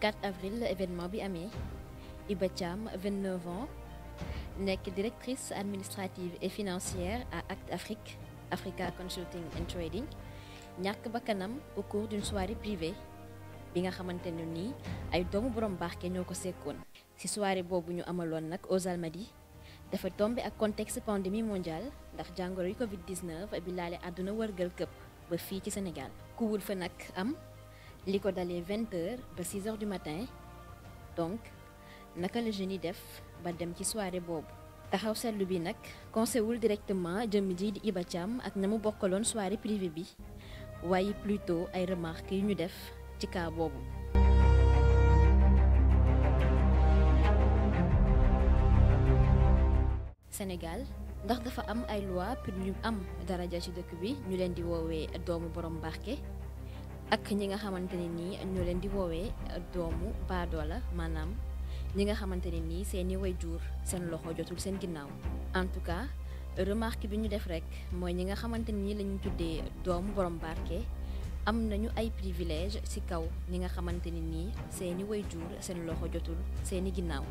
4 avril événement bi amee Iba Thiam 29 ans nekk directrice administrative et financière à Act Afrique Africa Consulting and Trading ñàkk bakkanam au cours d'une soirée privée bi nga xamante ni nii ay doomu borom barke ñoo ko sekkoon. ci soirée boobu ñu amaloon nag aux Almadies dafa tombé ak contexte pandémie mondiale ndax jàngoro yi Covid 19 bi laale àdduna wërgal këpp ba fii ci Sénégal. kuwul fa nag am. li ko dalee vingt heures ba six heures du matin donc naka la jeunes yi def ba dem ci soirée boobu taxaw seetlu bi nag conseillul directement jëmm ji di Iba Thiam ak na mu bokkaloon soirée privée bi waaye pluto ay remark yu ñu def ci kaa boobu Sénégal ndax dafa am ay loi pour ñu am daraja ci dëkk bi ñu leen di woowee doomu borom barke ak ñi nga xamante ne nii ñoo leen di woowee doomu baadoola maanaam ñi nga xamante ne nii seeni jur seen loxo jotul seen ginnaaw en tout cas remarque bi ñu def rek mooy ñi nga xamante nii la ñu tuddee doomu borom barke am nañu ay privilège ci kaw ñi nga xamante ne nii seeni jur seen loxo jotul seeni ginnaaw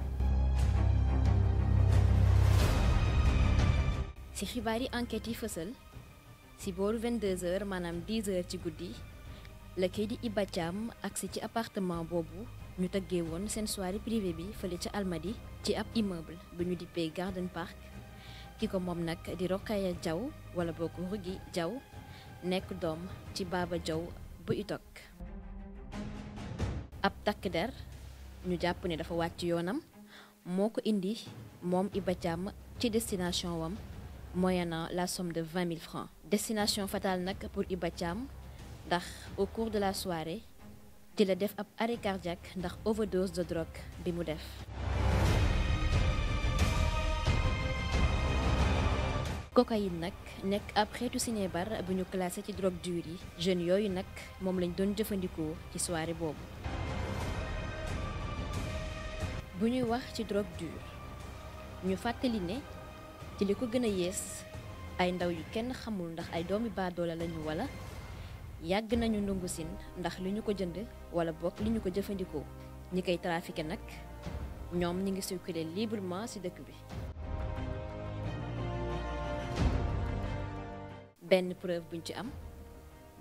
ci xibaar yi enquête yi fësal ci booru 22h maanaam 10h ci guddi la kii di Iba Thiam agsi ci appartement boobu ñu tëggee woon seen soirée privée bi fële ca Almadi ci ab immeuble bu ñu dippee Garden Park ki ko moom nag di Rokhaya Diaw wala boo ko Rougui Diaw nekk doom ci Baba Diaw bu itok ab takk der ñu jàpp ne dafa wàcc yoonam moo ko indi moom Iba Thiam ci destination wam moyennant la somme de 20 000 francs destination fatale nag pour Iba ndax au cours de la soirée di la def ab arrêt cardiaque ndax overdose de drogue bi mu def. cocaïne nag nekk ab xeetu sinébar bu ñu classé ci drogue dure yi jeunes yooyu nag moom lañ doon jëfandikoo ci soirée boobu. bu ñuy wax ci drogue dure ñu fàttali ne ci li ko gën a yées ay ndaw yu kenn xamul ndax ay doomi baadoola lañu wala. yàgg nañu ndungu siin ndax li ñu ko jënd wala bokk li ñu ko jëfandikoo ñi koy trafiqué nag ñoom ñi ngi circuler librement ci dëkk bi. benn preuve buñ ci am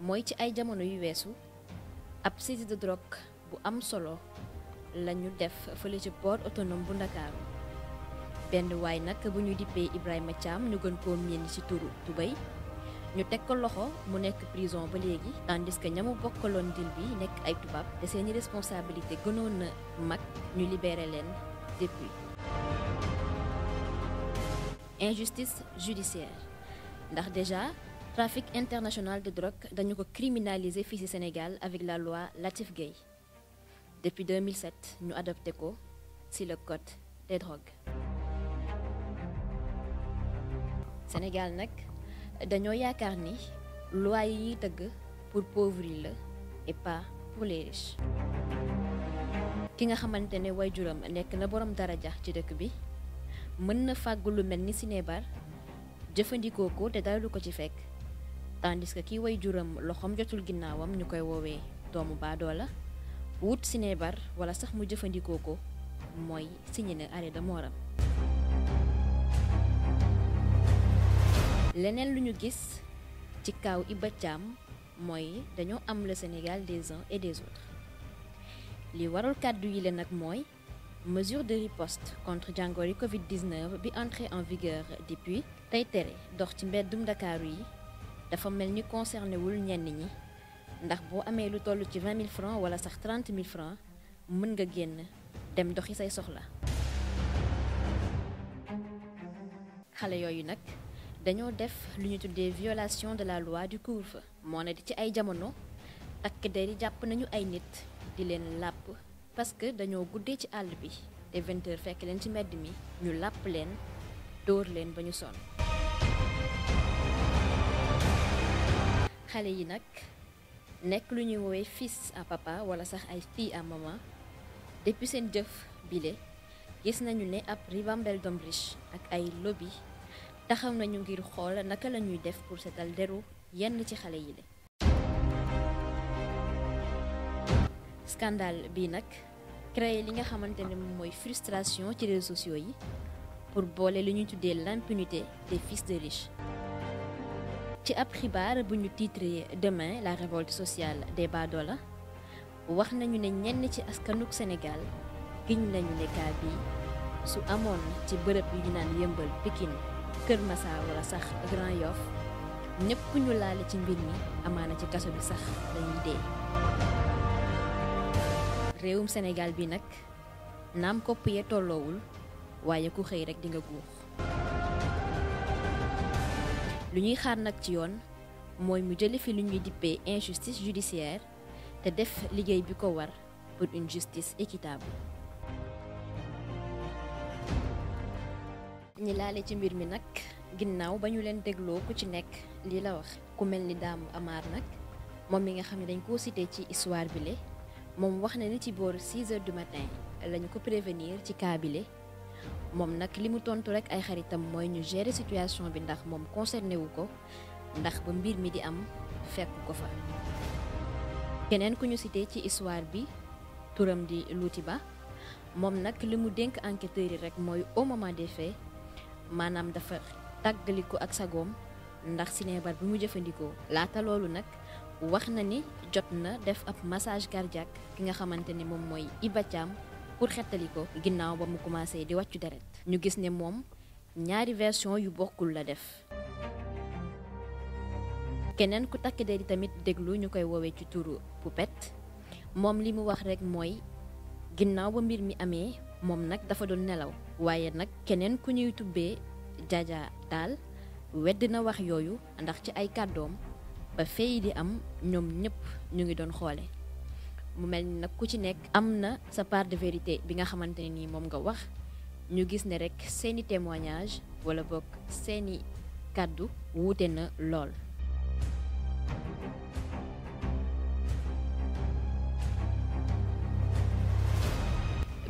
mooy ci ay jamono yu weesu ab saisie de drogue bu am solo lañu def fële ci port autonome bu Ndakaaru benn waay nag bu ñu dippee Ibrahima caam ñu gën koo miin ci turu Tubay. ñu teg ko loxo mu nekk prison ba léegi tandis que ñamu bokkaloon dil bi nekk ay tubaab te seeni responsabilité gënoon na mag ñu libéré leen depuis. injustice judiciaire ndax déjà trafic international de drogue dañu ko criminaliser fii ci Sénégal avec la loi Latif Gueye depuis 2007 ñu adopté ko ci le code des drogues Sénégal nag. dañoo yaakaar ni loi yi ñuy tëgg pour pauvres yi la et pas ki nga xamante ne waajuram nekk na borom jax ci dëkk bi mën na fàggu lu mel ni sinébar jëfandikoo ko te dara ko ci fekk tandis que kii waajuram loxoom jotul ginnaawam ñu koy woowee doomu baadoola wut sinébar wala sax mu jëfandikoo ko mooy signé na arrêt de mooram leneen lu ñu gis ci kaw Iba Thiam mooy dañoo am le Sénégal des uns et des autres li warul kàddu yi leen nag mooy mesure de riposte contre jàngoro yi Covid-19 bi entrée en vigueur depuis tey tere dox ci mbeddum Ndakaaru yi dafa mel ni concerné wul ñenn ñi ndax boo amee lu toll ci 20 000 francs wala sax 30 000 francs mën nga génn dem doxi say soxla xale yooyu nag dañoo def lu ñu tuddee violation de la loi du couvre-feu moo di ci ay jamono takk der yi jàpp nañu ay nit di leen làpp parce que dañoo guddee ci àll bi te 20 fekk leen ci mbedd mi ñu làpp leen dóor leen ba ñu sonn xale yi nag nekk lu ñuy woowee fis à papa wala sax ay fille à maman depuis seen jëf bile gis nañu ne ab ribambelle d'ombrage ak ay lobi taxaw nañu ngir xool naka la ñuy def pour setal deru yenn ci xale yi de. scandale bi nag créé li nga xamante ne moom mooy frustration ci réseaux sociaux yi pour boole li ñu tuddee l'impunité des fils de riches. ci ab xibaar bu ñu titré demain la révolte sociale des baadola wax nañu ne ñenn ci askanuk Sénégal giñ nañu ne kaa bi su amoon ci bërëb yu ñu naan yëmbal Pikine Kër Massar wala sax Grand Yoff ñëpp ñu laale ci mbir mi amaana ci kaso bi sax lañuy dee réewum Sénégal bi nag naam kopp yee tolloowul waaye ku xëy rek di nga guux lu ñuy xaar nag ci yoon mooy mu jële fi lu ñuy dippee injustice judiciaire te def liggéey bi ko war pour une équitable ñi laale ci mbir mi nag ginnaaw ba ñu leen dégloo ku ci nekk lii la wax ku mel ni daamu amaar nag moom mi nga xam ne dañ koo cité ci histoire bile moom wax na ni ci boor 6 heures du matin lañu ko prévenir ci cas moom nag li mu tontu rek ay xaritam mooy ñu gere situation bi ndax moom concerné wu ko ndax ba mbir mi di am fekk ko fa. keneen ku ñu cité ci histoire bi turam di Louti Ba moom nag li mu dénk enquêteurs yi rek mooy au moment des faits. maanaam dafa ko ak sagoom ndax sinébar bi mu jëfandikoo laata loolu nag wax na ni jot na def ab massage cardiaque ki nga xamante ne moom mooy Iba pour xettali ko ginnaaw ba mu commencé di wàccu deret ñu gis ne moom ñaari version yu bokkul la def keneen ku takk der yi tamit déglu ñu koy woowee ci turu Poupette moom li mu wax rekk mooy ginnaaw ba mbir mi amee moom nag dafa doon nelaw waaye nag keneen ku ñuy tubbee Jaaja Taal weddi na wax yooyu ndax ci ay kàddoom ba fay di am ñoom ñëpp ñu ngi doon xoole mu mel nag ku ci nekk am na sa part de vérité bi nga xamante ne nii moom nga wax ñu gis ne rek seeni témoignage wala bokk seeni kàddu wuute na lool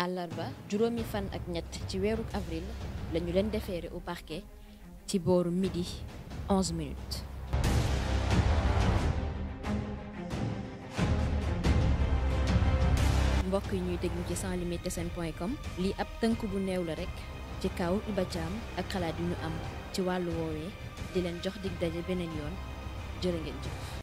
àllarba juróomi fan ak ñett ci weeru avril lañu leen defeere au parquet ci booru midi 11 minutes. mbokk yi ñuy déglu ci sans limite com lii ab tënk bu néew la rekk ci kaw Iba Thiam ak xalaat yu ñu am ci wàllu woowee di leen jox dig daje beneen yoon jërë ngeen jëf.